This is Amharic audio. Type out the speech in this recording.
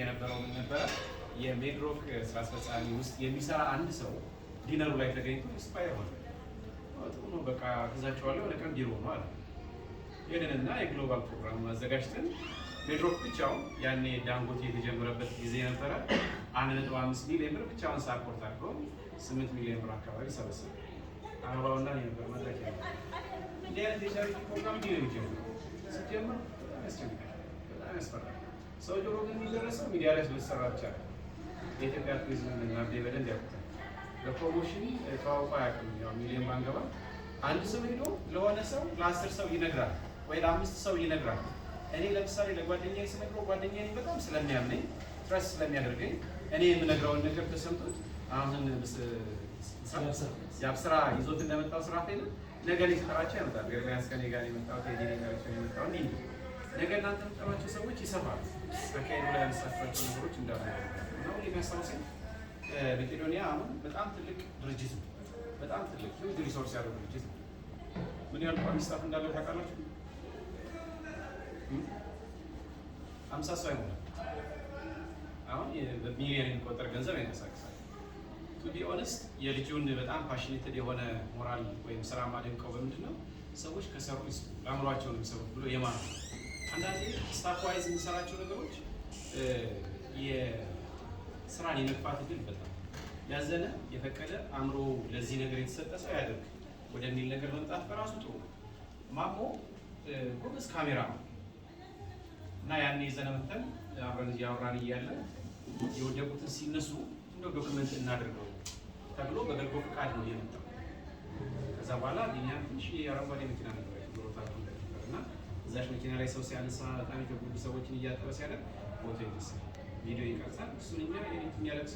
የነበረው ምን ነበረ? የሜድሮክ ስራ አስፈጻሚ ውስጥ የሚሰራ አንድ ሰው ዲነሩ ላይ ተገኝቶ ኢንስፓየር ሆነ። ጥሩ ነው በቃ ትዛቸዋለሁ ወደ ቀን ቢሮ ነው አለ። ይህንንና የግሎባል ፕሮግራም አዘጋጅተን ሜድሮክ ብቻውን ያኔ ዳንጎት የተጀመረበት ጊዜ ነበረ። አንድ ነጥብ አምስት ሚሊዮን ብር ብቻውን ሳፖርት አድርጎ ስምንት ሚሊዮን ብር አካባቢ ሰበሰበ። አምራውና ነበር መድረክ ያለ እንዲህ አይነት የቻሪቲ ፕሮግራም ዲነሩ ጀምሮ ስትጀምር ያስጨንቃል፣ በጣም ያስፈራል። ሰው ጆሮ ግን የሚደረሰው ሚዲያ ላይ ስለተሰራ ብቻ ነው። የኢትዮጵያ ቱሪዝም ናርዴ በደንብ ያውቁታል። በፕሮሞሽን ተዋውቆ አያውቅም። ያው ሚሊዮን ባንገባ አንድ ሰው ሄዶ ለሆነ ሰው ለአስር ሰው ይነግራል ወይ ለአምስት ሰው ይነግራል። እኔ ለምሳሌ ለጓደኛ ስነግረው ጓደኛ በጣም ስለሚያምነኝ ትረስ ስለሚያደርገኝ እኔ የምነግረውን ነገር ተሰምቶት አሁን የአብስራ ይዞት እንደመጣው ስራ ነገ ላይ ስጠራቸው ያመጣል ገርቢያስ ከኔ ጋር የመጣው ከኔ ጋር የመጣው ነገ እናንተ የምጠሯቸው ሰዎች ይሰፋሉ። በካሄዱ ላይ ያነሳቸዋቸው ነገሮች እንዳሉ የሚያስታውሰኝ። መቄዶንያ አሁን በጣም ትልቅ ድርጅት ነው። በጣም ትልቅ ሁጅ ሪሶርስ ያለው ድርጅት ነው። ምን ያህል ቋሚ ስታፍ እንዳለው ታውቃላችሁ? አምሳ ሰው አይሆንም። አሁን በሚሊዮን የሚቆጠር ገንዘብ ያንቀሳቅሳል። ቱ ቢ ኦነስት የልጁን በጣም ፓሽኔትድ የሆነ ሞራል ወይም ስራ ማደንቀው በምንድን ነው ሰዎች ከሰሩ አእምሯቸውን የሚሰሩት ብሎ የማን ነው አንዳንዴ ስታክ ዋይዝ ነገሮች የስራን የመግፋት ግን በጣም ያዘነ የፈቀደ አእምሮ ለዚህ ነገር የተሰጠ ሰው ያደርግ ወደሚል ነገር መምጣት በራሱ ጥሩ ነው። ማሞ ጎበዝ ካሜራ ነው እና ያኔ ይዘነ መተን አብረን እያወራን እያለ የወደቁትን ሲነሱ እንደ ዶክመንት እናደርገው ተብሎ በበጎ ፈቃድ ነው የመጣው። ከዛ በኋላ ኛ ትንሽ የአረንጓዴ መኪና ነገር እዛች መኪና ላይ ሰው ሲያነሳ በጣም የተጎዱ ሰዎችን እያጠበ ሲያደርግ ፎቶ ይነሳል፣ ቪዲዮ ይቀርጻል። እሱን እኛ የሚያለቅሱ